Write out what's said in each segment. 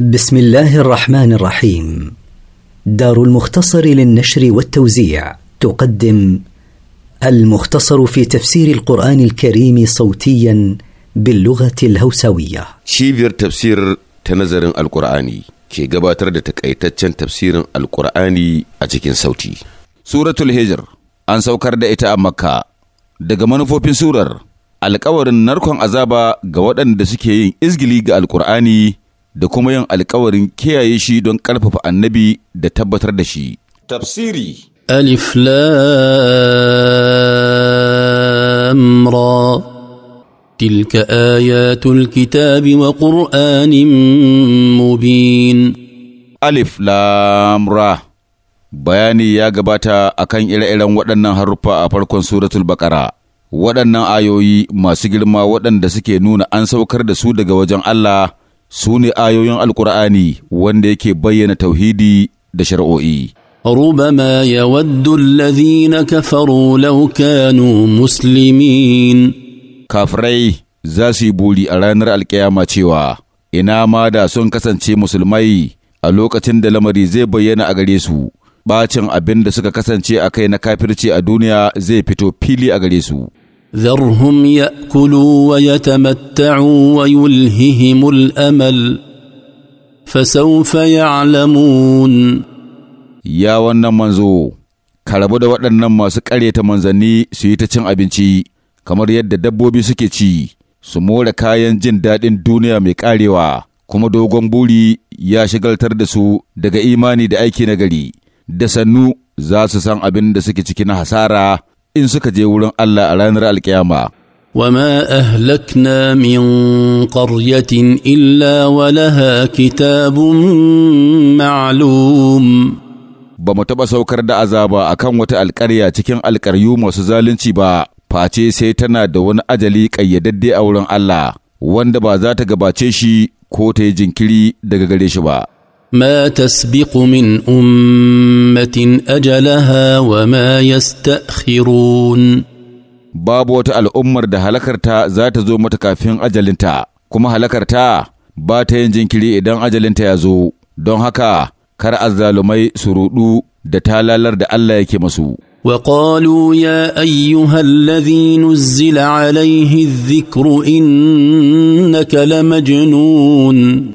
بسم الله الرحمن الرحيم دار المختصر للنشر والتوزيع تقدم المختصر في تفسير القرآن الكريم صوتيا باللغة الهوسوية شيفير تفسير تنظر القرآني كي قباتر تكأيتتشن تفسير القرآني أجيكين صوتي سورة الهجر أن سوكر دائتا مكة دقمان فوبين سورر alkawarin narkon azaba ga waɗanda suke yin izgili ga alkur'ani da kuma yin alkawarin kiyaye shi don ƙarfafa annabi da tabbatar da shi. Tafsiri Alif Lamra Tilka ayatul kitabi wa ƙur'anin mubin Alif Lamra Bayani ya gabata akan ire-iren waɗannan haruffa a farkon suratul baƙara. waɗannan ayoyi masu girma waɗanda suke nuna an saukar da su daga wajen Allah su ne ayoyin alkur'ani wanda yake bayyana tauhidi da shari'o'i. na kafaru laukanu musulmin. Kafirai za su yi زاسي a ranar alƙiyama cewa ina ma da sun kasance musulmai a lokacin da lamari zai bayyana a gare su bacin abin da suka kasance a kai na kafirci a duniya zai fito fili a gare su ذرهم ياكلوا ويتمتعوا ويلههم الامل فسوف يعلمون يا wannan manzo ka rabu da waɗannan masu ƙaryata manzanni su yi ta cin abinci kamar yadda dabbobi suke ci su more kayan jin daɗin duniya mai ƙarewa kuma dogon buri ya shigaltar da su daga imani da aiki nagari da sannu za su san abin da suke ciki na hasara in suka je wurin Allah a ranar alkiyama. وما ahlakna min قريه illa ولها kitabun معلوم ba mu taɓa saukar da azaba a kan wata alƙarya cikin alƙaryu masu zalunci ba face sai tana da wani ajali ƙayyadadde a wurin Allah wanda ba za ta gabace shi ko ta yi jinkiri daga gare shi ba. ما تسبق من أمة أجلها وما يستأخرون باب وتا الأمر ده هلكرتا ذات زو متكافين أجلنتا كما هلكرتا باتين جنكلي إدان أجلنتا يزو دون هكا كر الظالمي سرودو da talalar da Allah yake masu. وقالوا يا أيها الذي نزل عليه الذكر إنك لمجنون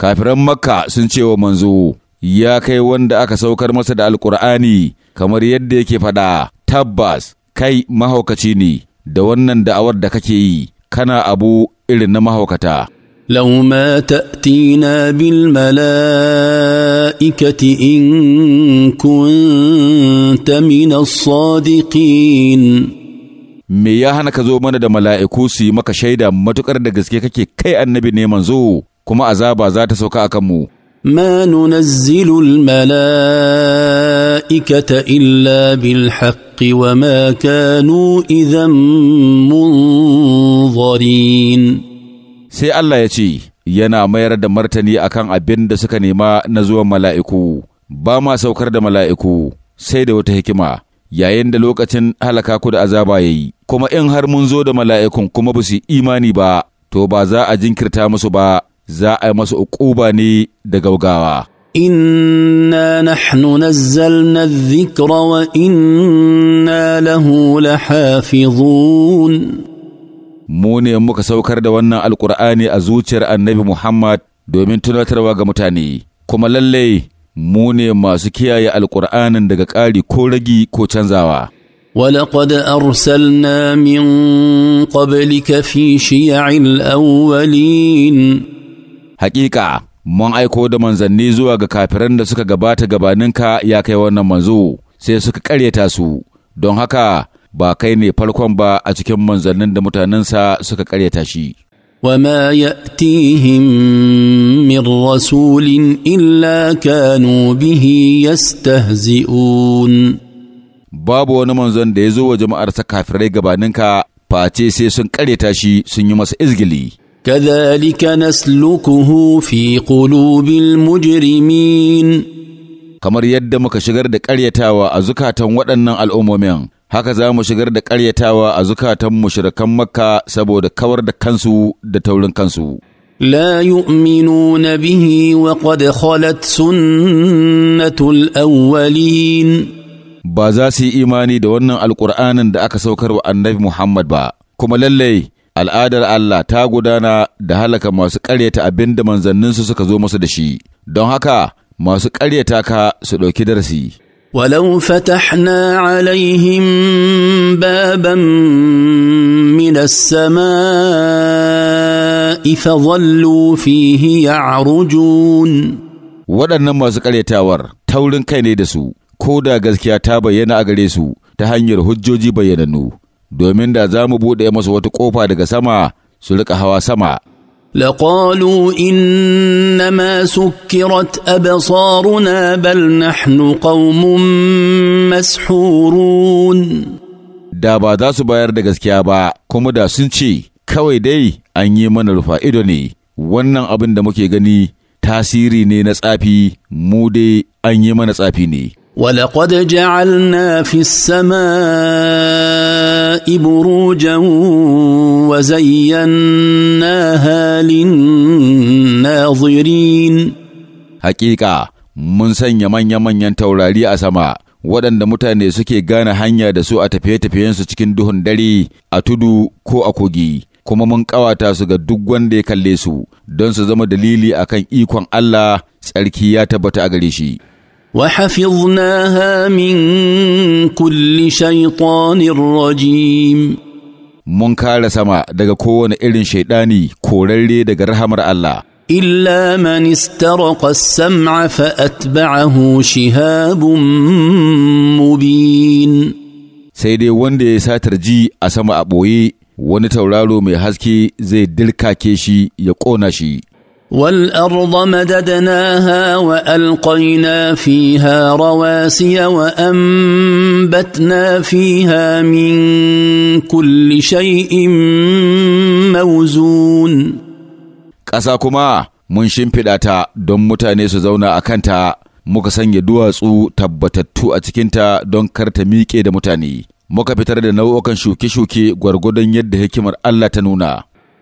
kafiran makka sun ce wa manzo ya kai wanda aka saukar masa da alkur'ani kamar yadda yake faɗa tabbas kai mahaukaci ne da wannan da'awar da kake yi kana abu irin na mahaukata لو ما تاتينا بالملائكه ان كنت من الصادقين me ya hana ka zo mana da mala'iku su yi maka shaida matukar da gaske kake kai annabi ne manzo kuma azaba za ta sauka a kanmu. ما ننزل illa إلا wa وما idan mun منظرين sai Allah ya ce yana mayar da martani a kan abin da suka nema na zuwan mala'iku ba ma saukar da mala'iku sai da wata hikima yayin da lokacin halaka ku da azaba ya yi kuma in har mun zo da mala'ikun kuma ba su imani ba to ba za a jinkirta musu ba za a yi masu uquba ne da gaugawa. Inna nahnu nazzalna dhikra wa inna lahu lahafizun. Mu ne muka saukar da wannan alkur'ani a zuciyar annabi Muhammad domin tunatarwa ga mutane, kuma lallai mu ne masu kiyaye alkur'anin daga ƙari ko ragi ko canzawa. ولقد ارسلنا من قبلك في شيع الاولين Hakika, mun aiko da manzanni zuwa ga kafiran da suka gabata gabaninka ya kai wannan manzo, sai suka karyata su, don haka ba kai ne farkon ba a cikin manzannin da mutanensa suka karyata shi. وما ياتيهم من رسول الا كانوا به يستهزئون babu wani manzon da ya zo wa sa kafirai gabaninka face sai sun karyata shi sun yi masa izgili كذلك نسلكه في قلوب المجرمين kamar yadda muka shigar da ƙaryatawa a zukatan waɗannan al'ummomin haka za mu shigar da ƙaryatawa a zukatan mushrikan makka saboda kawar da kansu da taurin kansu لا يؤمنون به وقد خلت سنة الأولين بازاسي إيماني دوانا القرآن دا da wannan alƙur'anin محمد با كما للي al'adar Allah ta gudana da halaka masu ƙaryata abin da manzanninsu suka zo masu da shi, don haka masu ƙaryata ka su ɗauki darasi. ولو فتحنا عليهم بابا من السماء فظلوا فيه يعرجون waɗannan masu ƙaryatawar taurin kai ne da su ko da gaskiya ta bayyana a gare su ta hanyar hujjoji bayyanannu domin da za mu buɗe masu wata ƙofa daga sama su riƙa hawa sama. لقالوا انما سكرت ابصارنا bal نحن قوم mas'hurun. da ba za su bayar da gaskiya ba kuma da sun ce kawai dai an yi mana rufa ido ne wannan abin da muke gani tasiri ne na tsafi mu dai an yi mana tsafi ne ولقد جعلنا في السماء بروجا وزيناها للناظرين حقيقة mun sanya manya-manyan taurari a sama waɗanda mutane suke gane hanya da su a tafiye-tafiyensu cikin duhun dare a tudu ko a kogi kuma mun ƙawata su ga duk wanda ya kalle su don su zama dalili akan ikon Allah tsarki ya tabbata a gare shi. wa وحفظناها من كل شيطان rajim. mun kare sama daga kowane irin shaiɗani korarre daga rahamar Allah. إلا من استرق السمع فأتبعه شهاب مبين sai dai wanda ya satar ji a sama a ɓoye wani tauraro mai haske zai dirkake shi ya ƙona shi. والارض مددناها والقينا فيها رواسي وانبتنا فيها من كل شيء موزون ƙasa kuma mun shimfiɗa ta don mutane su zauna a kanta muka sanya duwatsu tabbatattu a cikinta don kar ta miƙe da mutane muka fitar da nau'ukan shuke-shuke gwargwadon yadda hikimar Allah ta nuna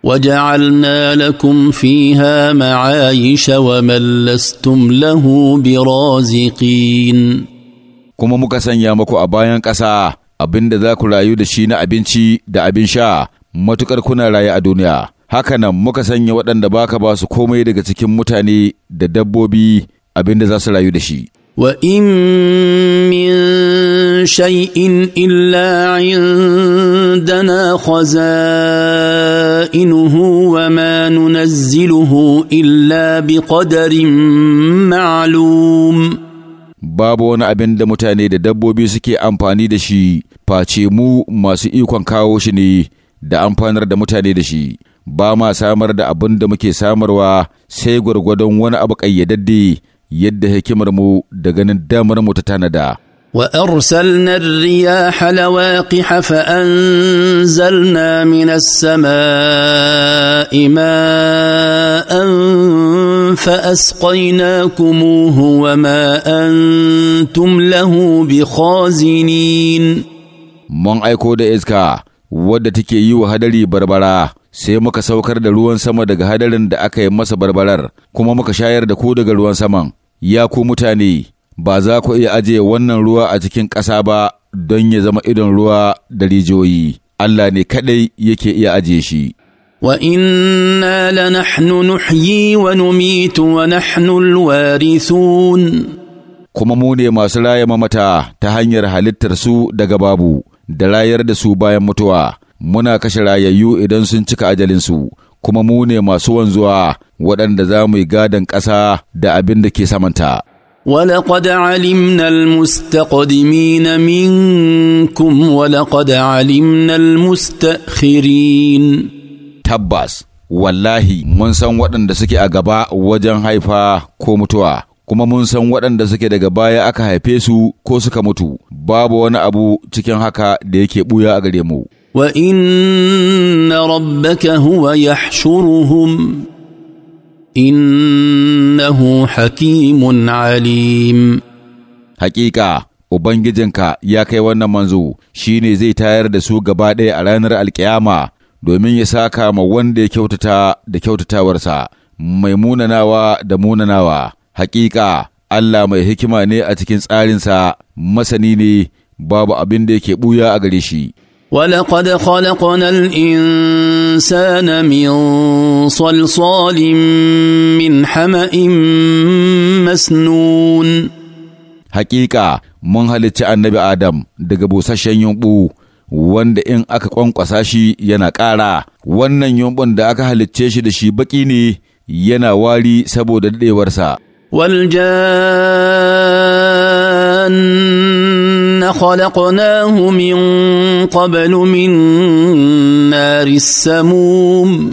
وجعلنا لكم فيها معايش ومن لستم له برازقين kuma muka sanya maku a bayan ƙasa abin da za ku rayu da shi na abinci da abin sha matuƙar kuna rayu a duniya hakanan muka sanya waɗanda baka ba su komai daga cikin mutane da dabbobi abin da za su rayu da shi وان من شيء الا عندنا خزائنه وما ننزله الا بقدر معلوم babu wani abin da mutane da dabbobi suke amfani da shi face mu masu ikon kawo shi ne da amfanar da mutane da shi ba ma samar da abin da muke samarwa sai gwargwadon wani abu ƙayyadadde yadda hikimarmu da ganin damarmu ta tanada. وارسلنا الرياح لواقح فانزلنا من السماء ماء فاسقيناكموه وما انتم له بخازنين mun aiko da iska wadda take yi wa hadari barbara sai muka saukar da ruwan sama daga hadarin da aka yi masa barbarar kuma muka shayar da ku daga ruwan saman ya ku mutane, ba za ku iya ajiye wannan ruwa a cikin ƙasa ba don ya zama idon ruwa da rijiyoyi, Allah ne kaɗai yake iya ajiye shi. Wa nuhyi wa numitu wa nahnu alwarithun. kuma mu ne masu raya mamata ta hanyar halittar su daga babu da rayar da su bayan mutuwa muna kashe rayayyu idan sun cika ajalinsu kuma mu ne masu wanzuwa waɗanda za mu yi gadon ƙasa da abin da ke samanta. ولقد علمنا المستقدمين منكم ولقد علمنا المستأخرين Tabbas! wallahi mun san waɗanda suke a gaba wajen haifa ko mutuwa kuma mun san waɗanda suke daga baya aka haife su ko suka mutu babu wani abu cikin haka da yake ɓuya a gare mu وان ربك هو يحشرهم انه حكيم عليم حقيقه ubangijinka ya kai wannan manzo shine zai tayar da su gaba ɗaya a ranar alkiyama domin ya saka ma wanda ya kyautata da kyautatawarsa mai munanawa da munanawa hakika Allah mai hikima ne a cikin tsarinsa masani ne babu abin da yake buya a gare shi ولقد خلقنا الانسان من صلصال من حما مسنون حقيقه mun halicci annabi adam daga busasshen yumbu wanda in aka ƙwanƙwasa shi yana ƙara wannan yumɓun da aka halicce shi da shi baƙi ne yana wari saboda daɗewarsa. Waljan خلقناه من قبل من نار السموم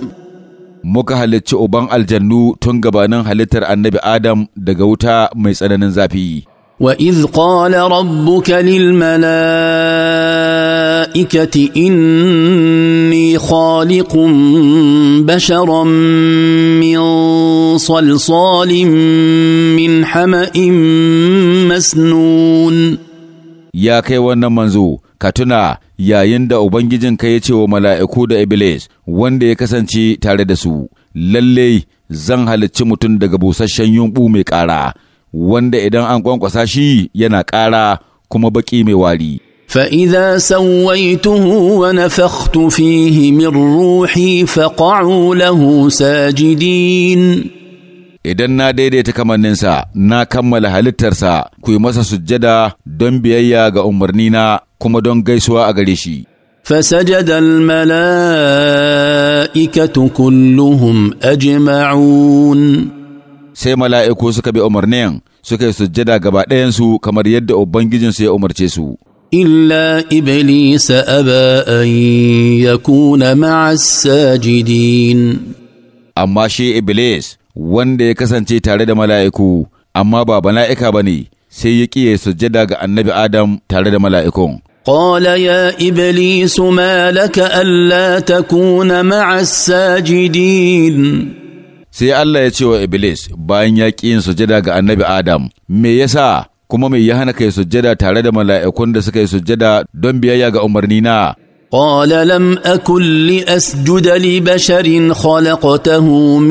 muka halicci uban aljannu tun gabanin halittar annabi Adam daga wuta mai tsananin zafi. وإذ قال ربك للملائكة إني خالق بشرا من صلصال من حمإ مسنون ya kai wannan manzo ka tuna yayin da ubangijin ka ya ce wa mala'iku da iblis wanda ya kasance tare da su lalle zan halicci mutum daga busasshen yumɓu mai ƙara wanda idan an kwankwasa shi yana ƙara kuma baƙi mai wari فإذا سويته ونفخت فيه من روحي فقعوا له ساجدين idan na daidaita kamanninsa na kammala halittarsa kuyi masa sujjada don biyayya ga umarnina kuma don gaisuwa a gare shi فسجد الملائكة كلهم أجمعون sai mala'iku suka bi umarnin suka yi sujjada gabaɗayan su kamar yadda Ubangijinsu ya umarce su. Illa Iblis aba an yakuna ma'a sajidin. Amma shi Iblis wanda ya kasance tare da mala'iku amma ba mala'ika ba ne sai ya ƙiye sujjada ga annabi Adam tare da mala'ikun. قال يا ابليس ما لك الا تكون مع sai Allah ya ce wa Iblis bayan ya ƙi yin sujada ga annabi Adam, me yasa kuma me ya hana kai sujada tare da mala'ikun da suka yi sujada don biyayya ga umarni na? Ƙwala a kulli asjudali asjuda li basharin khalaqtahu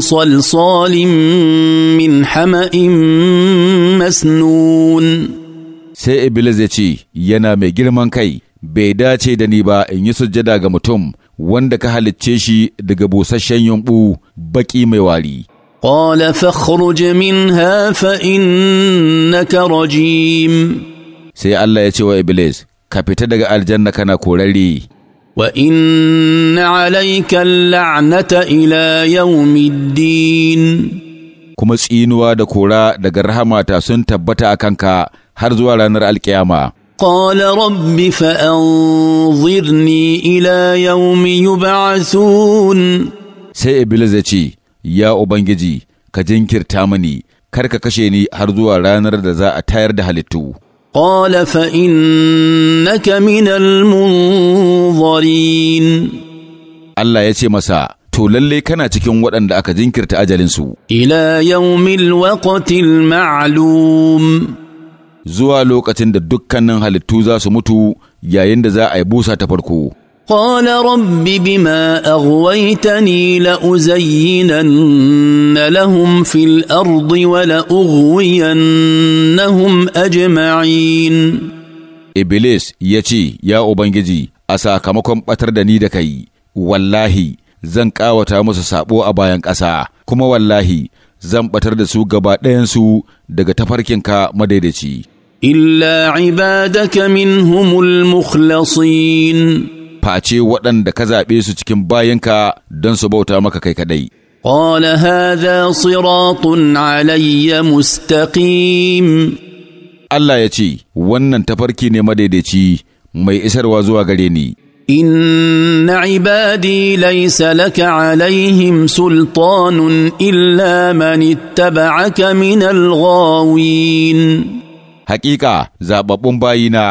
صلصال من حمأ مسنون sai Iblis ya ce, Yana mai girman kai, bai dace da ni ba in yi sujjada ga mutum wanda ka halicce shi daga busasshen yumɓu baƙi mai wari. قال فاخرج منها فإنك رجيم sai Allah ya ce wa Iblis, ka fita daga aljanna kana korari. وان عليك اللعنه الى يوم الدين kuma tsinuwa da kora daga rahamata sun tabbata a kanka har zuwa ranar alkiyama قال rabbi فانظرني الى يوم يبعثون sai iblis ya ce ya ubangiji ka jinkirta mani kar ka kashe ni har zuwa ranar da za a tayar da halittu قال فإنك من المنظرين الله يتي masa, to lallai kana cikin waɗanda aka jinkirta ajalinsu. Ila yaumil waqtil ma'lum Zuwa lokacin da dukkanin halittu za su mutu yayin da za a yi busa ta farko. قال رب بما اغويتني لازينن لهم في الارض ولاغوينهم ya ce يتي يا a sakamakon ɓatar da ni da kai wallahi zan ƙawata musu saɓo a bayan ƙasa kuma wallahi zan ɓatar da su gaba ɗayansu daga tafarkinka madaidaici illa ibadaka minhumul mukhlasin face waɗanda ka zaɓe su cikin bayanka don su bauta maka kai kaɗai. قال هذا Alayya علي Allah ya ce wannan tafarki ne madaidaici mai isarwa zuwa gare ni inna ibadi laysa laka alaihim sultanun illa man ittaba'aka min alghawin haƙiƙa zababbun bayina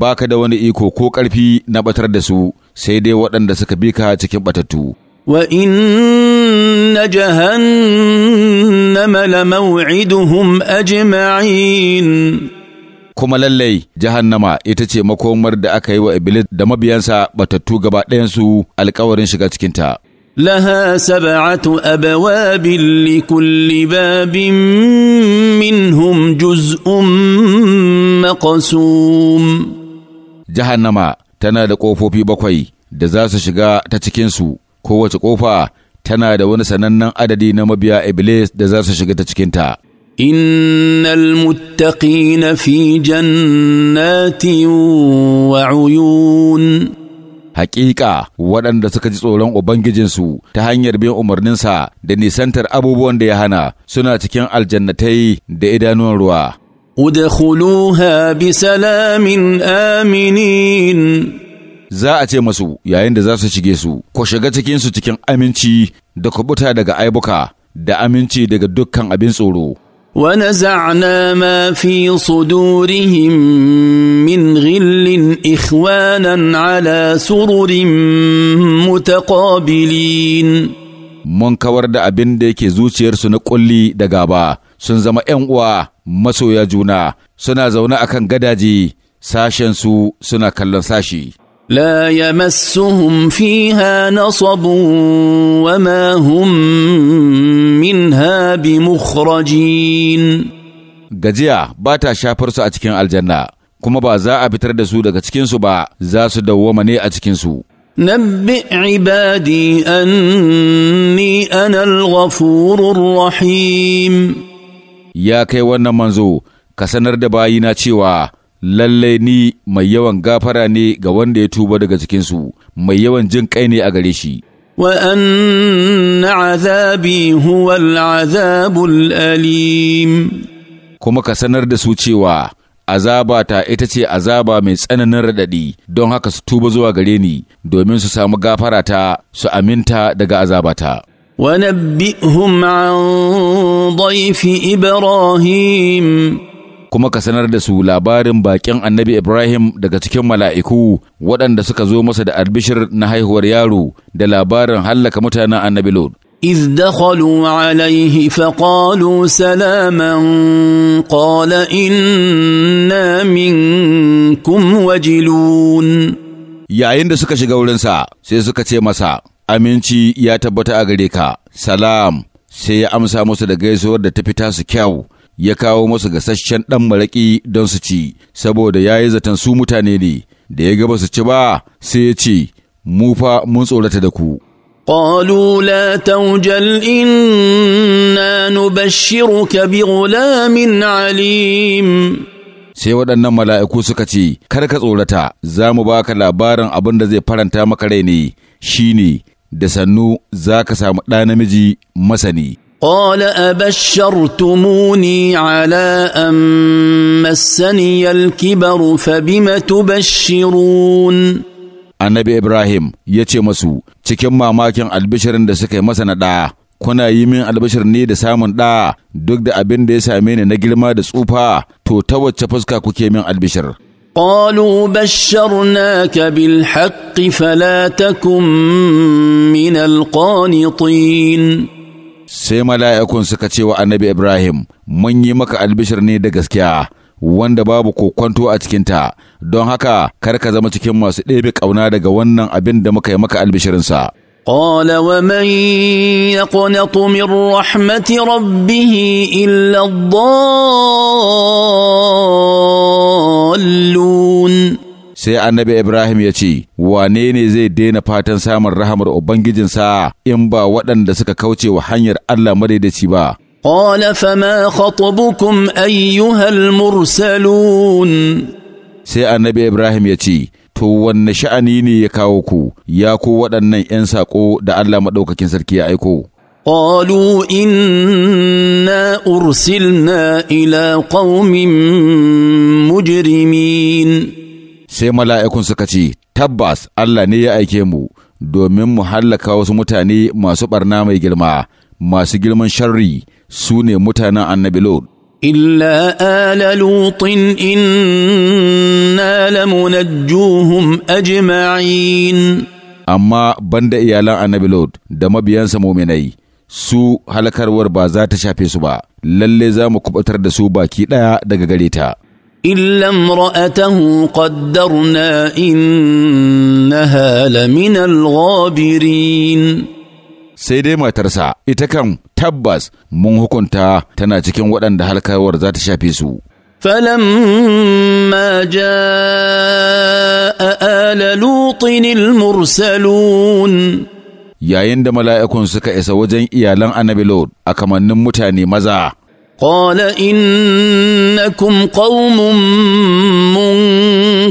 baka da wani iko ko ƙarfi na batar da su sai dai waɗanda suka bi ka cikin batattu. Wa inna jahannama la maw'iduhum ajma'in. Kuma lallai jahannama ita ce makomar da aka yi wa Iblis da mabiyansa batattu gaba ɗayansu alkawarin shiga cikinta. لها سبعة أبواب لكل باب منهم جزء مقسوم جهنم tana da ƙofofi bakwai da za su shiga ta cikinsu, kowace ƙofa tana da wani sanannen adadi na mabiya Iblis da za su shiga ta cikinta. ان fi jannati wa وعيون Haƙiƙa waɗanda suka ji tsoron ubangijinsu ta hanyar bin umarninsa da nisantar abubuwan da ya hana suna cikin aljannatai da idanuwan ruwa ادخلوها بسلام آمنين za a ce masu yayin da za su shige su ko shiga cikinsu cikin aminci da kubuta daga aibuka da aminci daga dukkan abin tsoro ونزعنا ما في صدورهم من غل إخوانا على سرر متقابلين mun kawar da abin da yake zuciyarsu na ƙulli da gaba sun zama ‘yan uwa masoya juna suna zaune akan gadaje sashensu suna kallon sashi. لا يمسهم فيها نصب وما هم منها بمخرجين gajiya ba ta shafar su a cikin aljanna kuma ba za a fitar da su daga cikinsu ba za su dawwama ne a cikinsu نبئ عبادي أني أنا الغفور rahim. ya kai wannan manzo ka sanar da bayina cewa lallai ni mai yawan gafara ne ga wanda ya tuba daga cikinsu mai yawan jin kai ne a gare shi kuma ka sanar da su cewa azaba ta ita ce azaba mai tsananin raɗaɗi don haka su tuba zuwa gare ni domin su samu gafara ta su aminta daga azabata. ونبئهم عن ضيف إبراهيم kuma ka sanar da su labarin bakin annabi Ibrahim daga cikin mala'iku waɗanda suka zo masa da albishir na haihuwar yaro da labarin hallaka mutanen annabi Lod. إذ دخلوا عليه فقالوا سلاما قال إنا منكم وجلون. yayin da suka shiga wurinsa sai suka ce masa aminci ya tabbata a gare ka, salam, sai ya amsa musu da gaisuwar da ta fita su kyau, ya kawo musu gasasshen ɗan maraƙi don su ci, saboda ya yi zaton su mutane ne, da ya gaba su ci ba sai ya ce, mu fa mun tsorata da ku. قالوا لا توجل إنا نبشرك بغلام عليم sai waɗannan mala'iku suka ce, Kar ka tsorata, za mu ba ka labarin abin da zai faranta maka rai ne, shi ne da sannu za ka samu ɗa namiji masani. قال أبشرتموني على أن مسني الكبر فبم تبشرون Annabi Ibrahim ya ce masu cikin mamakin albishirin da suka yi masa na ɗa, kuna yi min albishir ne da samun ɗa duk da abin da ya same ni na girma da tsufa, to ta wacce fuska kuke min albishir. قالوا بشرناك بالحق فلا تكن من القانطين sai mala'ikun suka ce wa annabi Ibrahim, Mun yi maka albishir ne da gaskiya, wanda babu kokwanto a cikinta, don haka kar ka zama cikin masu ɗebe ƙauna daga wannan abin da muka yi maka albishirinsa. قال ومن يقنط من رحمة ربه إلا الضال ضالون sai annabi Ibrahim ya ce, Wane ne zai daina fatan samun rahamar Ubangijinsa in ba waɗanda suka kauce wa hanyar Allah madaidaci ba? قال فما خطبكم أيها sai annabi Ibrahim ya ce, To, wanne sha'ani ne ya kawo ku, ya ku waɗannan ‘yan saƙo da Allah Maɗaukakin Sarki ya aiko. قالوا انا ارسلنا الى قوم مجرمين sai mala'ikun suka ce tabbas Allah ne ya aike mu domin mu hallaka wasu mutane masu ɓarna mai girma masu girman sharri su ne mutanen annabi Lod. إلا آل لوط إنا لمنجوهم أجمعين أما بند iyalan النبي لوط da mabiyansa مؤمنين su halakarwar ba za ta shafe su ba lalle za mu kubatar da su baki ɗaya daga gare ta إلا امرأته قدرنا إنها لمن الغابرين sai dai matarsa ita kan tabbas mun hukunta tana cikin waɗanda halkawar za ta shafe su. فلما جاء آل لوط المرسلون yayin da mala'ikun suka isa wajen iyalan annabi Lord a kamannin mutane maza. قال innakum قوم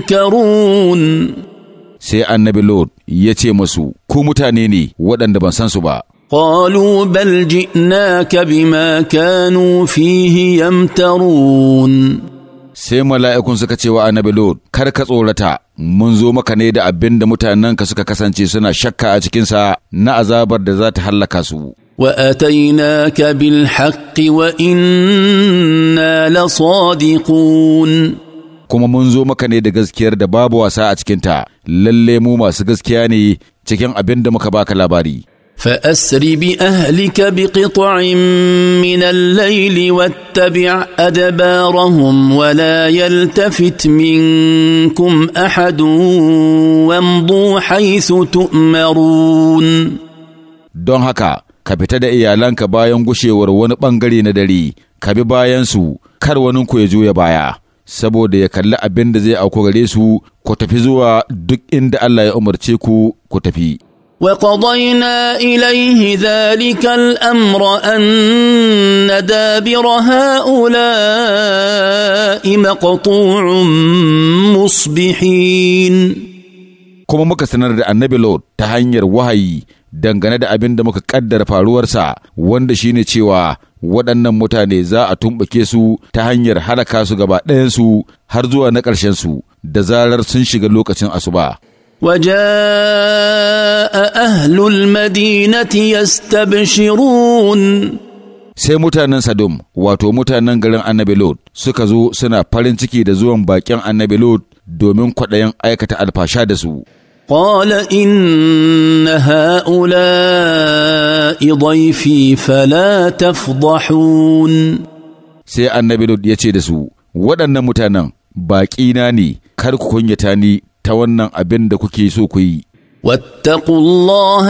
munkarun sai annabi Lord ya ce masu, Ku mutane ne waɗanda ban san su ba. قالوا ka bi ma kanu fihi yamtarun. sai mala'ikun suka ce wa annabi Lot, kar ka tsorata, mun zo maka ne da abin da mutanenka suka kasance suna shakka a cikinsa na azabar da za ta hallaka su. in na la لصادقون kuma mun zo maka ne da gaskiyar da babu wasa a cikinta lalle mu masu gaskiya ne cikin abin da muka baka labari فاسر باهلك بقطع من الليل واتبع ادبارهم ولا يلتفت منكم احد وامضوا حيث تؤمرون don haka ka fita da iyalanka bayan gushewar wani ɓangare na dare ka bi bayansu kar waninku ya juya baya saboda ya kalli abin da zai auku gare su ku tafi zuwa duk inda Allah ya umarce ku ku tafi وقضينا اليه ذلك الامر ان دابر هؤلاء مقطوع مصبحين kuma muka sanar da annabi Lot ta hanyar wahayi dangane da abin da muka ƙaddara faruwarsa wanda shine cewa waɗannan mutane za a tumɓuke su ta hanyar halaka su gaba su har zuwa na ƙarshensu da zarar sun shiga lokacin asuba. وجاء أهل المدينة يستبشرون sai mutanen Sadum wato mutanen garin Annabi Lot suka zo suna farin ciki da zuwan bakin Annabi Lot domin kwaɗayin aikata alfasha da su. Ƙwala in ha'ula idaifi fala tafdahun. Sai Annabi Lot ya ce da su, waɗannan mutanen baƙina ne, kar ku kunyata ni ta wannan abin da kuke so ku yi. واتقوا الله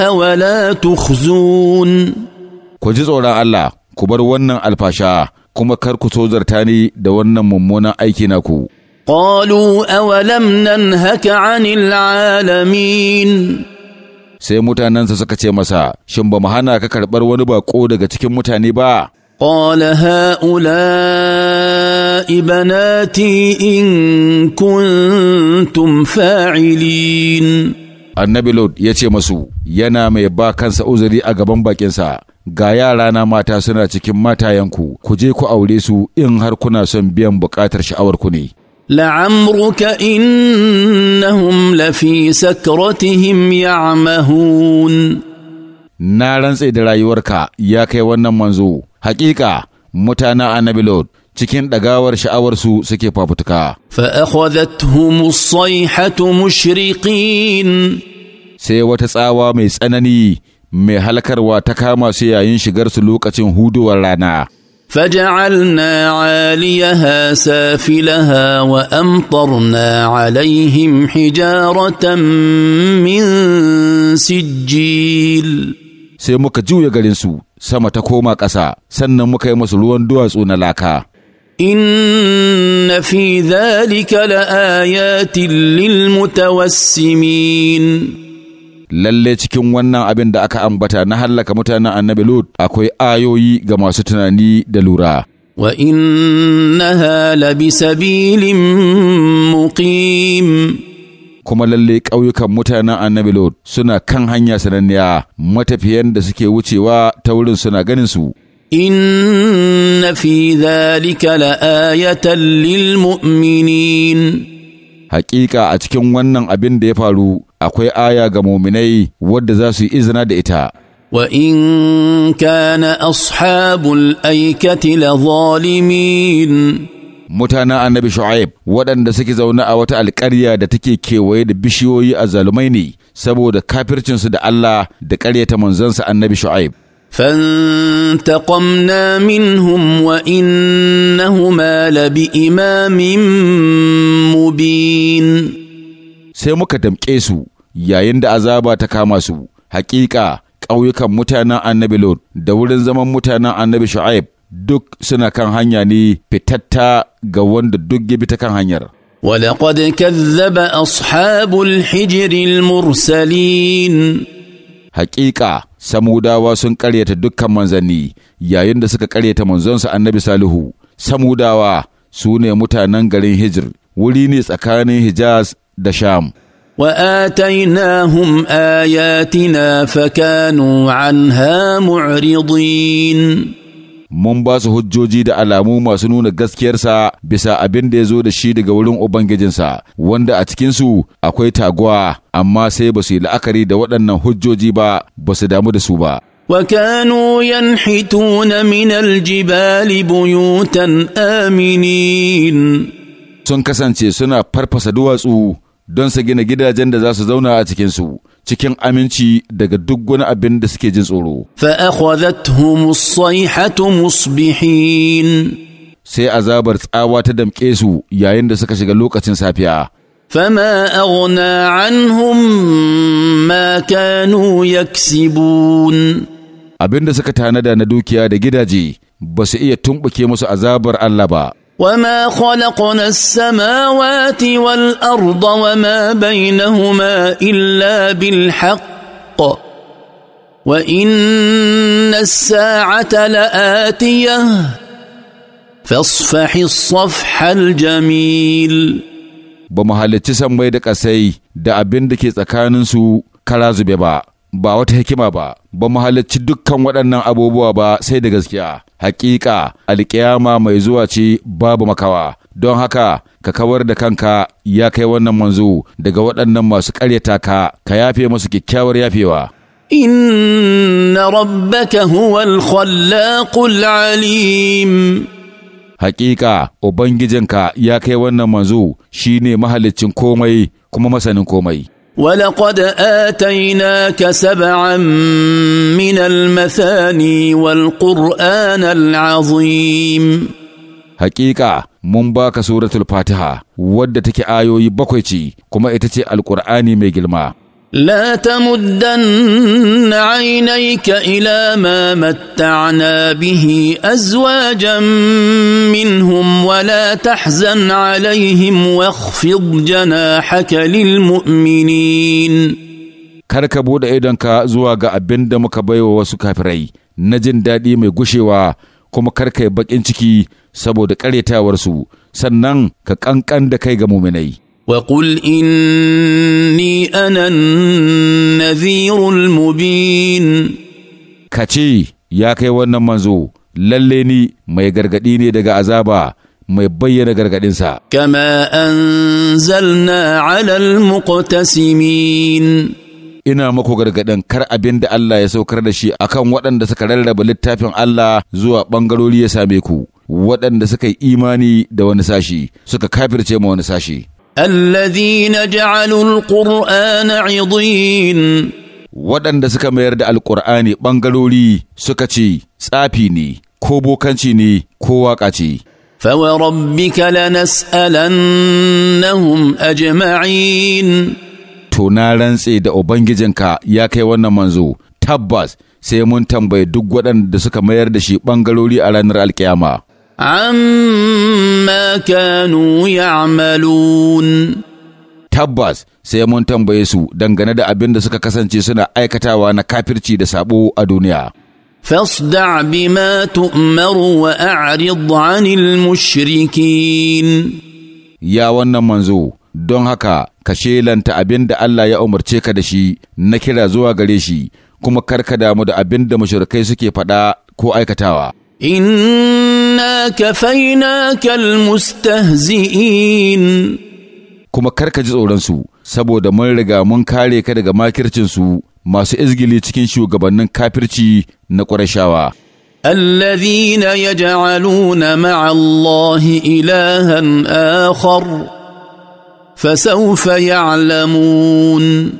ku ji tsoron Allah ku bar wannan alfasha kuma kar ku zarta ni da wannan mummunan aiki naku qalu awalam haka anil alamin sai mutanensa suka ce masa shin ba mu hana ka karɓar wani bako daga cikin mutane ba قال هؤلاء بناتي إن كنتم فاعلين annabi Lord ya ce masu yana mai ba kansa uzuri a gaban bakinsa ga yarana mata suna cikin matayenku ku je ku aure su in har kuna son biyan bukatar sha'awarku ne لعمرك إنهم لفي سكرتهم يعمهون na rantse da rayuwarka ya kai wannan manzo Hakika mutanen annabi Lot cikin ɗagawar sha'awarsu suke fafutuka. Fa'akhwadhathumus sayhatu mushriƙin. Sai wata tsawa mai tsanani mai halkarwa ta kama su yayin shigarsu lokacin huduwar rana. فجعلنا عاليها سافلها وامطرنا عليهم حجاره من سجيل sai muka juya garinsu sama ta koma ƙasa sannan muka yi masu ruwan duwatsu na laka. zalika la ayatin lil mutawassimin lalle cikin wannan abin da aka ambata na hallaka mutanen annabi Lut akwai ayoyi ga masu tunani da lura. Wa innaha labi sabilin muqim kuma lalle ƙauyukan mutanen annabi lord suna kan hanya sananniya matafiyan da suke wucewa ta wurin suna ganin su. إن في la'ayatan lil mu'minin Haƙiƙa a cikin wannan abin da ya faru akwai aya ga muminai wadda za su yi izina da ita. Wa in kana ashabul aikati la zalimin mutanen annabi shu'aib waɗanda suke zaune a wata alƙarya da take kewaye da bishiyoyi a zalumai ne saboda kafircinsu da Allah da ƙaryata manzansa annabi shu'aib فانتقمنا منهم وإنهما لبإمام mubin. sai muka damƙe su yayin da azaba ta kama su hakika ƙauyukan mutanen annabi lod da wurin zaman mutanen annabi shu'aib duk suna kan hanya ne fitatta ga wanda duk ya bi ta kan hanyar. ولقد كذب أصحاب mursalin. Haƙiƙa حقيقة samudawa sun ƙaryata dukkan manzani, yayin da suka karyata manzonsa annabi salihu samudawa su ne mutanen garin hijir wuri ne tsakanin hijas da sham واتيناهم اياتنا فكانوا عنها معرضين mun ba su hujjoji da alamu masu nuna gaskiyarsa bisa abin da ya zo da shi daga wurin Ubangijinsa, wanda a cikinsu akwai taguwa, amma sai ba su yi la'akari da waɗannan hujjoji ba, ba su damu da su ba. وكانوا ينحتون من الجبال بيوتا آمنين sun kasance suna farfasa duwatsu don su gina gidajen da za su zauna a cikinsu cikin aminci daga duk wani abin da suke jin tsoro. فأخذتهم الصيحة مصبحين sai azabar tsawa ta damƙe su yayin da suka shiga lokacin safiya. فما أغنى عنهم ما كانوا يكسبون abin da suka tanada na dukiya da gidaje ba su iya tumɓuke musu azabar Allah ba. وما خلقنا السماوات والارض وما بينهما الا بالحق وان الساعه لاتيه فاصفح الصفح الجميل ba mu halicci sammai da ƙasai da abin da ke tsakaninsu kara zube ba ba wata hikima ba ba mu halarci dukkan waɗannan abubuwa ba sai da gaskiya Haƙiƙa alƙiyama mai zuwa ce babu makawa don haka ka kawar da kanka ya kai wannan manzo daga waɗannan masu ƙaryata ka ka yafe musu kyakkyawar yafewa inna rabbaka هو الخلاق العليم Ubangijinka ya kai wannan manzo shine mahaliccin komai kuma masanin komai. ولقد اتيناك سبعا من المثاني والقران العظيم حقيقه mun baka suratul fatiha wadda take ayoyi bakwai ce kuma ita ce alkur'ani mai girma لا تمدن عينيك الى ما متعنا به ازواجا منهم ولا تحزن عليهم واخفض جناحك للمؤمنين kar ka bude idonka zuwa ga abin da muka baiwa wasu kafirai na jin daɗi mai gushewa kuma kar ka yi baƙin ciki saboda ƙaretawarsu sannan ka ƙanƙan da kai ga muminai وقل إني أنا النذير المبين كتي يا كي ونمزو mai ما ne daga azaba mai bayyana gargaɗinsa. Kama an zalna alal Ina muku gargaɗin kar abin da Allah ya saukar da shi akan waɗanda suka rarraba littafin Allah zuwa ɓangarori ya same ku, waɗanda suka yi imani da wani sashi, suka kafirce ma wani sashi. الذين جعلوا القرآن عضين waɗanda suka mayar da alƙur'ani ɓangarori suka ce tsafi ne ko bokanci ne ko waka ce rabbika lanasalannahum ajma'in To na rantse da Ubangijinka ya kai wannan manzo, tabbas sai mun tambaye duk waɗanda suka mayar da shi ɓangarori a ranar alkiyama. Amma كانوا يعملون tabbas sai mun tambaye su dangane da abin da suka kasance suna aikatawa na kafirci da saɓo a duniya. فاصدع بما تؤمر وأعرض عن wannan manzo don haka ka shelanta abin da Allah ya umarce ka da shi na kira zuwa gare shi kuma kar ka damu da abin da mushrikai suke faɗa ko aikatawa inna kafainaka almustahzi'in kuma kar ka ji tsoronsu saboda mun riga mun kare ka daga makircinsu masu izgili cikin shugabannin kafirci na ƙurashawa. الذين يجعلون مع الله إلها آخر فسوف يعلمون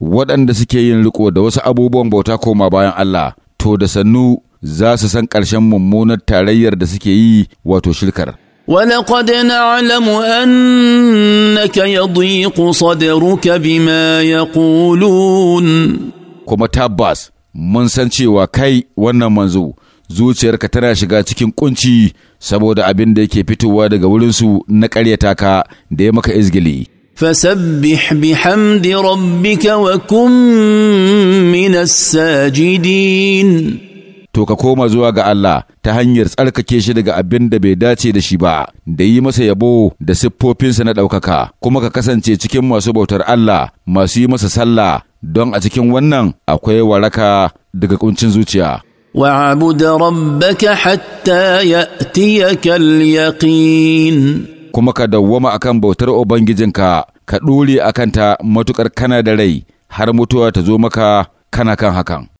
waɗanda suke yin riko da wasu abubuwan bauta koma bayan Allah to da sannu za su san ƙarshen mummunar tarayyar da suke yi wato shirkar. ولقد نعلم أنك يضيق صدرك ya يقولون kuma tabbas mun san cewa kai wannan manzo zuciyarka tana shiga cikin kunci saboda abin da yake fitowa daga wurinsu na ƙaryata ka da ya maka izgili. فسبح بحمد wa وكن من Sajidin. to ka koma zuwa ga Allah ta hanyar tsarkake shi daga abin da bai dace da shi ba, da yi masa yabo da siffofinsa na ɗaukaka, kuma ka kasance cikin masu bautar Allah masu yi masa sallah don a cikin wannan akwai waraka daga kuncin zuciya. وَاعْبُدْ رَبَّكَ حَتَّى يَأْتِيَكَ kuma ka dawwama akan bautar Ubangijinka, ka ɗure akanta matuƙar kana da rai har mutuwa ta zo maka kana kan hakan.